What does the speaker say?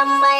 yang baik